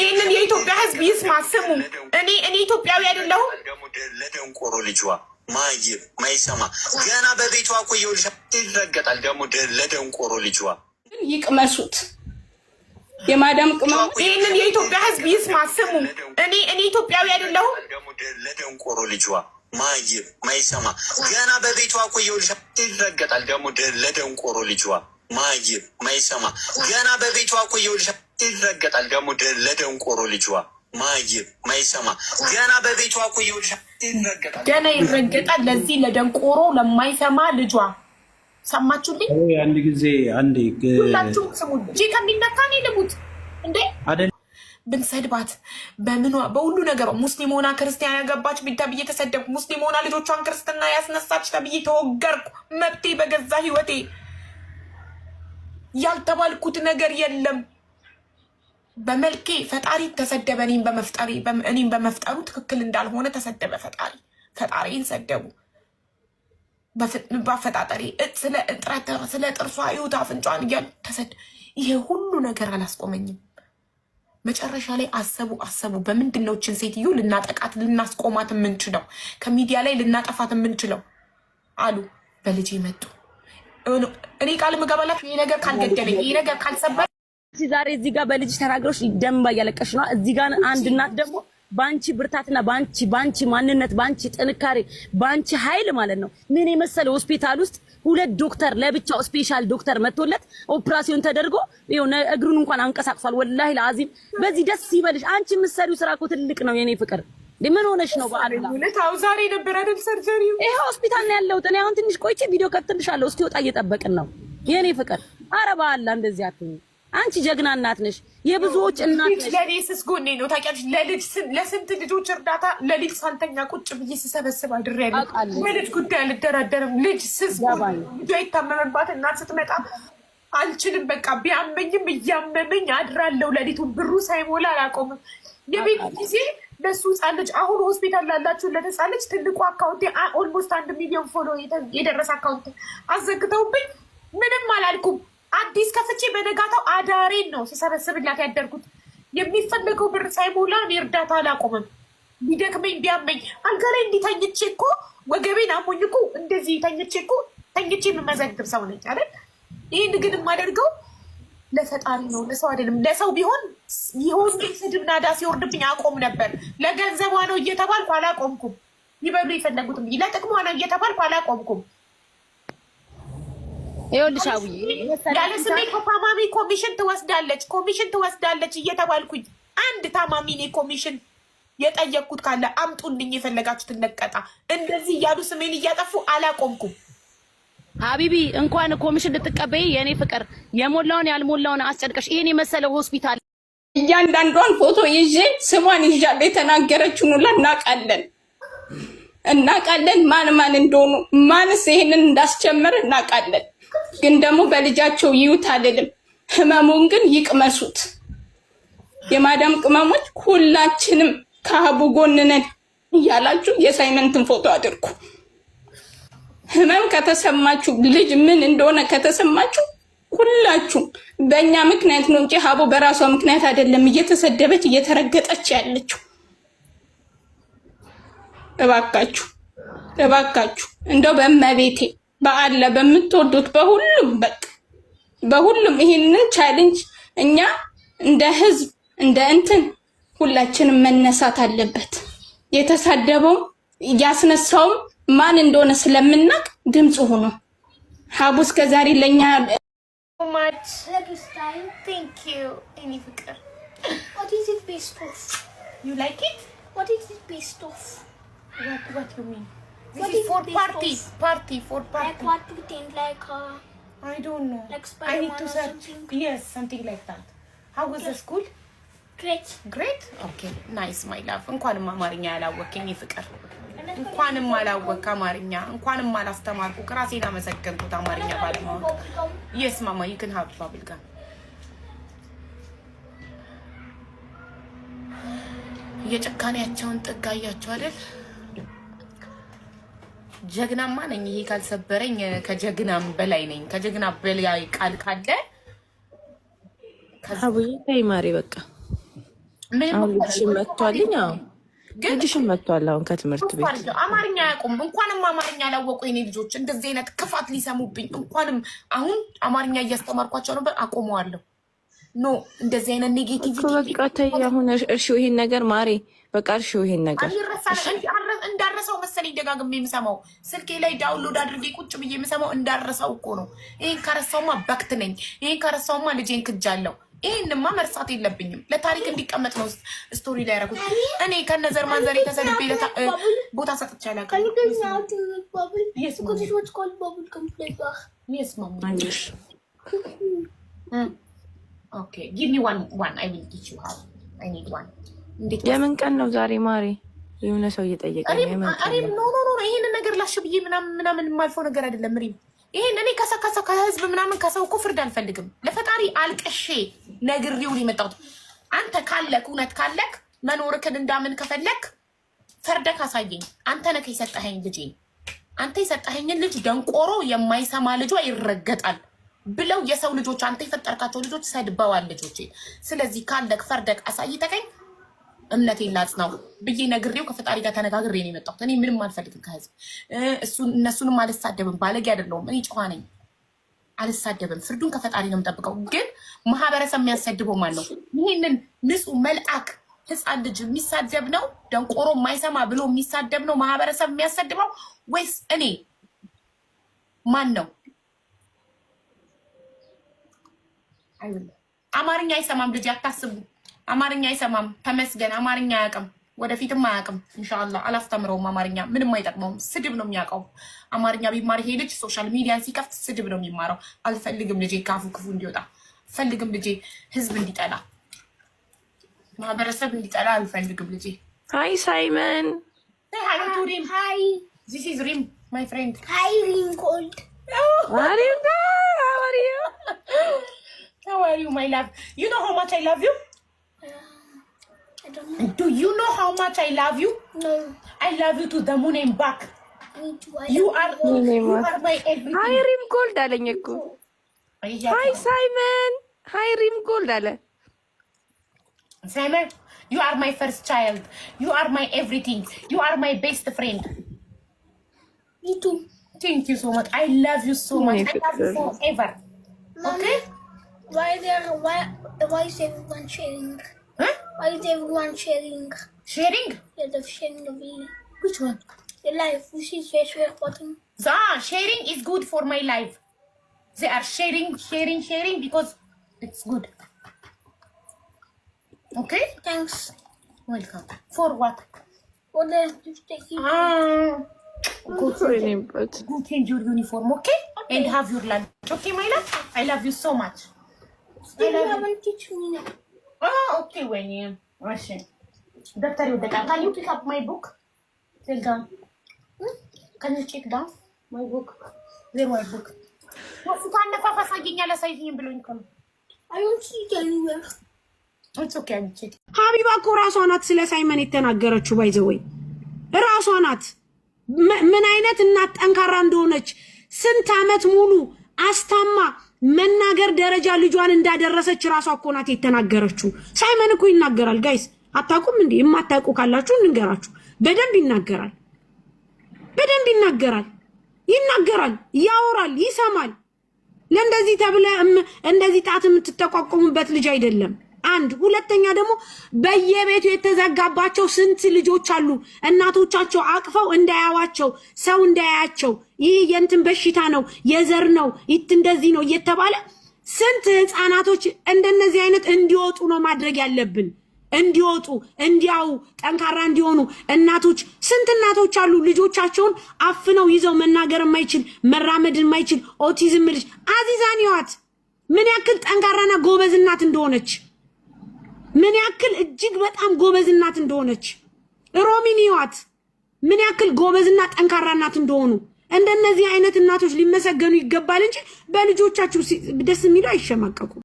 ይህንን የኢትዮጵያ ሕዝብ ይስማ። ስሙ እኔ እኔ ኢትዮጵያዊ አይደለሁም። ለደንቆሮ ልጇ ማይብ ማይሰማ ገና በቤቷ እኮ ይኸውልሽ ይረገጣል። ደግሞ ለደንቆሮ ልጇ ይቅመሱት። የማዳም ቅመሙ ይህንን የኢትዮጵያ ሕዝብ ይስማ። ስሙ እኔ እኔ ኢትዮጵያዊ አይደለሁም። ለደንቆሮ ልጇ ማይብ ማይሰማ ገና በቤቷ እኮ ይኸውልሽ ይረገጣል። ደግሞ ለደንቆሮ ልጇ ማይብ ማይሰማ ገና በቤቷ እኮ ይኸውልሽ ይረገጣል። ደግሞ ለደንቆሮ ልጅዋ ማይብ ማይሰማ ገና በቤቷ እኮ ይረገጣል፣ ገና ይረገጣል። ለዚህ ለደንቆሮ ለማይሰማ ልጇ ሰማችሁልኝ። አንድ ጊዜ አንዴ ሁላችሁ ስሙ። እጄ ከሚነካ እኔ ልሙት እንዴ ብንሰድባት በምኗ በሁሉ ነገር ሙስሊም ሆና ክርስቲያን ያገባች ተብዬ ተሰደብኩ። ሙስሊም ሆና ልጆቿን ክርስትና ያስነሳች ተብዬ ተወገርኩ። መብቴ በገዛ ህይወቴ ያልተባልኩት ነገር የለም። በመልኬ ፈጣሪ ተሰደበ። እኔም በመፍጠሩ ትክክል እንዳልሆነ ተሰደበ። ፈጣሪ ፈጣሪን ሰደቡ። በአፈጣጠሪ ስለ እጥረት ስለ ጥርሷ ህይወት አፍንጫን እያሉ ተሰደ። ይሄ ሁሉ ነገር አላስቆመኝም። መጨረሻ ላይ አሰቡ አሰቡ። በምንድን ነው ይችን ሴትዮ ልናጠቃት ልናስቆማት የምንችለው ከሚዲያ ላይ ልናጠፋት የምንችለው አሉ። በልጄ መጡ። እኔ ቃል ምገባላት ይሄ ነገር ካልገደለኝ ይሄ ነገር ካልሰበ አንቺ ዛሬ እዚህ ጋር በልጅ ተናግረሽ ደምባ እያለቀሽ ነው። እዚህ ጋር አንድ እናት ደግሞ በአንቺ ብርታትና በአንቺ በአንቺ ማንነት በአንቺ ጥንካሬ በአንቺ ኃይል ማለት ነው ምን የመሰለ ሆስፒታል ውስጥ ሁለት ዶክተር ለብቻው ስፔሻል ዶክተር መጥቶለት ኦፕራሲዮን ተደርጎ እግሩን እንኳን አንቀሳቅሷል። ወላሂ ለአዚም በዚህ ደስ ይበልሽ። አንቺ የምትሰሪው ስራ እኮ ትልቅ ነው የኔ ፍቅር። ምን ሆነሽ ነው? በአላሁ ዛሬ ነበር አይደል ሰርጀሪው? ይሄ ሆስፒታል ነው ያለሁት እኔ። አሁን ትንሽ ቆይቼ ቪዲዮ ከፍትልሻለሁ። ወጣ እየጠበቅን ነው የኔ ፍቅር። አረ በአላህ እንደዚህ አትሁኝ። አንቺ ጀግና እናት ነሽ፣ የብዙዎች እናት ነሽ። ለእኔ ስስ ጎኔ ነው ታውቂያለሽ። ለልጅ ለስንት ልጆች እርዳታ ለልጅ ሳልተኛ ቁጭ ብዬ ስሰበስብ አድሬያለሁ። ለልጅ ጉዳይ አልደራደርም። ልጅ ስስ ልጇ የታመመባት እናት ስትመጣ አልችልም፣ በቃ ቢያመኝም እያመመኝ አድራለሁ። ለሊቱን ብሩ ሳይሞላ አላቆምም። የቤት ጊዜ ለሱ ህፃን ልጅ አሁን ሆስፒታል ላላችሁ ለህፃን ልጅ ትልቁ አካውንት ኦልሞስት አንድ ሚሊዮን ፎሎ የደረሰ አካውንት አዘግተውብኝ ምንም አላልኩም። አዲስ ከፍቼ በነጋታው አዳሬን ነው ስሰበስብላት ያደርጉት። የሚፈለገው ብር ሳይሞላ እኔ እርዳታ አላቆምም። ቢደክመኝ ቢያመኝ አልጋ ላይ እንዲተኝቼ እኮ ወገቤን አሞኝ እኮ እንደዚህ ተኝቼ እኮ ተኝቼ የምመዘግብ ሰው ነኝ አይደል? ይህን ግን የማደርገው ለፈጣሪ ነው፣ ለሰው አይደለም። ለሰው ቢሆን ይሆን ስድብ ናዳ ሲወርድብኝ አቆም ነበር። ለገንዘቧ ነው እየተባልኩ አላቆምኩም። ይበሉ የፈለጉትም ለጥቅሟ ነው እየተባልኩ አላቆምኩም። ይኸውልሽ አውዬ ያለ ስሜ ከታማሚ ኮሚሽን ትወስዳለች ኮሚሽን ትወስዳለች እየተባልኩኝ አንድ ታማሚ እኔ ኮሚሽን የጠየቅኩት ካለ አምጡልኝ፣ የፈለጋችሁት ነቀጣ። እንደዚህ እያሉ ስሜን እያጠፉ አላቆምኩም። ሀቢቢ እንኳን ኮሚሽን ልትቀበይ የእኔ ፍቅር የሞላውን ያልሞላውን አስጨድቀሽ ይሄን የመሰለ ሆስፒታል እያንዳንዷን ፎቶ ይዤ ስሟን ይዣለሁ። የተናገረችውን ሁላ እናውቃለን እናውቃለን፣ ማን ማን እንደሆኑ ማንስ ይሄንን እንዳስጀመር እናውቃለን። ግን ደግሞ በልጃቸው ይዩት አልልም። ህመሙን ግን ይቅመሱት። የማዳም ቅመሞች ሁላችንም ከሀቡ ጎንነን እያላችሁ የሳይመንትን ፎቶ አድርጉ። ህመም ከተሰማችሁ ልጅ ምን እንደሆነ ከተሰማችሁ ሁላችሁም በእኛ ምክንያት ነው እንጂ ሀቡ በራሷ ምክንያት አይደለም እየተሰደበች እየተረገጠች ያለችው። እባካችሁ እባካችሁ እንደው በእመቤቴ በአለ በምትወዱት በሁሉም በቃ በሁሉም ይሄን ቻሌንጅ እኛ እንደ ህዝብ እንደ እንትን ሁላችንም መነሳት አለበት። የተሳደበውም ያስነሳውም ማን እንደሆነ ስለምናቅ ድምፅ ሆኖ ሀቡ እስከዛሬ ለእኛ ፍቅር This is for party, party, for party. Like what pretend? Like uh, I don't know. Like I need to search. Something? Yes, something like that. How was okay. the school? Great. Great? Okay, nice, my love. እንኳንም አማርኛ ያላወቀኝ ይፍቅር። እንኳንም አላወቅ አማርኛ እንኳንም አላስተማርኩ ራሴን አመሰገንኩት አማርኛ ባለማወቅ። የስ ማማ ዩ ክን ሀብ ባብል ጋር የጭካኔያቸውን ጥግ አያቸው አይደል? ጀግናማ ነኝ። ይሄ ካልሰበረኝ ከጀግናም በላይ ነኝ። ከጀግና በላይ ቃል ካለ አቡዬ ማሪ በቃ አሁን ልጅሽን መጥቷል አሁን ከትምህርት ቤት አማርኛ አያውቁም። እንኳንም አማርኛ ያላወቁ የኔ ልጆች እንደዚህ አይነት ክፋት ሊሰሙብኝ እንኳንም አሁን አማርኛ እያስተማርኳቸው ነበር፣ አቆመዋለሁ ኖ እንደዚህ አይነት ኔጌቲቭ በቃ ተይ። አሁን እርሺው ይሄን ነገር ማሬ፣ በቃ እርሺው ይሄን ነገር እንዳረሰው መሰለኝ ደጋግሜ የምሰማው ስልኬ ላይ ዳውንሎድ አድርጌ ቁጭ ብዬ የምሰማው እንዳረሰው እኮ ነው። ይሄን ከረሳውማ በክት ነኝ፣ ይሄን ከረሳውማ ልጄን ክጃለው። ይህንማ መርሳት የለብኝም። ለታሪክ እንዲቀመጥ ነው ስቶሪ ላይ ያረጉት። እኔ ከነዘር ማንዘር የተሰድቤ ቦታ ሰጥቼ አላውቅም። ኦኬ ጊቭ ሚ ዋን ዋን አይ ዊል ቲች ዩ ሃው አይ ኒድ ዋን። የምን ቀን ነው ዛሬ ማሬ? የሆነ ሰው እየጠየቀ ኖ ኖ ኖ ይሄንን ነገር ላሽ ብዬ ምናምን ምናምን የማልፈው ነገር አይደለም። ሪም ይሄን እኔ ከሰካሰ ከህዝብ ምናምን ከሰው እኮ ፍርድ አልፈልግም። ለፈጣሪ አልቀሼ ነግሬው የመጣሁት። አንተ ካለክ እውነት ካለክ መኖርክን እንዳምን ከፈለክ ፈርደክ አሳየኝ። አንተ ነህ የሰጠኸኝ ልጄ። አንተ የሰጠኸኝን ልጅ ደንቆሮ የማይሰማ ልጇ ይረገጣል። ብለው የሰው ልጆች አንተ የፈጠርካቸው ልጆች ሰድበዋል ልጆቼ። ስለዚህ ካለቅ ፈርደቅ አሳይተቀኝ እምነቴን ላጽናው ብዬ ነግሬው ከፈጣሪ ጋር ተነጋግሬ ነው የመጣሁት። እኔ ምንም አልፈልግም ከህዝብ እነሱንም አልሳደብም። ባለጌ አይደለሁም እኔ ጨዋ ነኝ። አልሳደብም። ፍርዱን ከፈጣሪ ነው የምጠብቀው። ግን ማህበረሰብ የሚያሰድበው ማን ነው? ይህንን ንጹህ መልአክ ህፃን ልጅ የሚሳደብ ነው ደንቆሮ የማይሰማ ብሎ የሚሳደብ ነው ማህበረሰብ የሚያሰድበው ወይስ እኔ ማን ነው? አማርኛ አይሰማም ልጅ አታስቡ። አማርኛ አይሰማም ተመስገን። አማርኛ አያውቅም፣ ወደፊትም አያውቅም። እንሻላ አላስተምረውም። አማርኛ ምንም አይጠቅመውም። ስድብ ነው የሚያውቀው። አማርኛ ቢማር ይሄ ልጅ ሶሻል ሚዲያን ሲከፍት ስድብ ነው የሚማረው። አልፈልግም ልጄ ካፉ ክፉ እንዲወጣ አልፈልግም። ልጄ ህዝብ እንዲጠላ ማህበረሰብ እንዲጠላ አልፈልግም ልጄ። ሀይ ሳይመን ሪም ሪም ማይ ፍሬንድ ሪም ኮልድ How are you, my love? You know how much I love you? Uh, I don't know. Do you know how much I love you? No. I love you to the moon and back. Me too. you are, you, you are my everything. Hi, Rim Gold Hi, Simon. Hi, Rim Gold Simon, you are my first child. You are my everything. You are my best friend. Me too. Thank you so much. I love you so much. I love you forever. Okay? Why there? Why? Why is everyone sharing? Huh? Why is everyone sharing? Sharing? Yeah, the sharing of video. Which one? The life. You see the share button. sharing is good for my life. They are sharing, sharing, sharing because it's good. Okay. Thanks. Welcome. For what? For the Ah. Go change, go change your uniform, okay? okay? And have your lunch, okay, my love? I love you so much. ደብተር ይወደቃል። ካን ዩ ፒክ አፕ ማይ ቡክ ሀቢባ እኮ ራሷ ናት ስለ ሳይመን የተናገረችው። ባይዘወይ ራሷ ናት። ምን አይነት እናት ጠንካራ እንደሆነች ስንት አመት ሙሉ አስታማ መናገር ደረጃ ልጇን እንዳደረሰች ራሷ እኮ ናት የተናገረችው። ሳይመን እኮ ይናገራል። ጋይስ አታውቁም እንዴ? የማታውቁ ካላችሁ እንንገራችሁ። በደንብ ይናገራል፣ በደንብ ይናገራል፣ ይናገራል፣ ያወራል፣ ይሰማል። ለእንደዚህ ተብለ እንደዚህ ጣት የምትጠቋቆሙበት ልጅ አይደለም። አንድ ሁለተኛ ደግሞ በየቤቱ የተዘጋባቸው ስንት ልጆች አሉ። እናቶቻቸው አቅፈው እንዳያዋቸው ሰው እንዳያያቸው ይህ የእንትን በሽታ ነው የዘር ነው ይት እንደዚህ ነው እየተባለ ስንት ህፃናቶች እንደነዚህ አይነት እንዲወጡ ነው ማድረግ ያለብን። እንዲወጡ እንዲያው ጠንካራ እንዲሆኑ እናቶች ስንት እናቶች አሉ ልጆቻቸውን አፍነው ይዘው መናገር የማይችል መራመድ የማይችል ኦቲዝም ልጅ አዚዛን ይዋት ምን ያክል ጠንካራና ጎበዝ እናት እንደሆነች ምን ያክል እጅግ በጣም ጎበዝናት እንደሆነች ሮሚን ይዋት ምን ያክል ጎበዝና ጠንካራናት እንደሆኑ እንደነዚህ አይነት እናቶች ሊመሰገኑ ይገባል እንጂ በልጆቻችሁ ደስ የሚለው አይሸማቀቁም።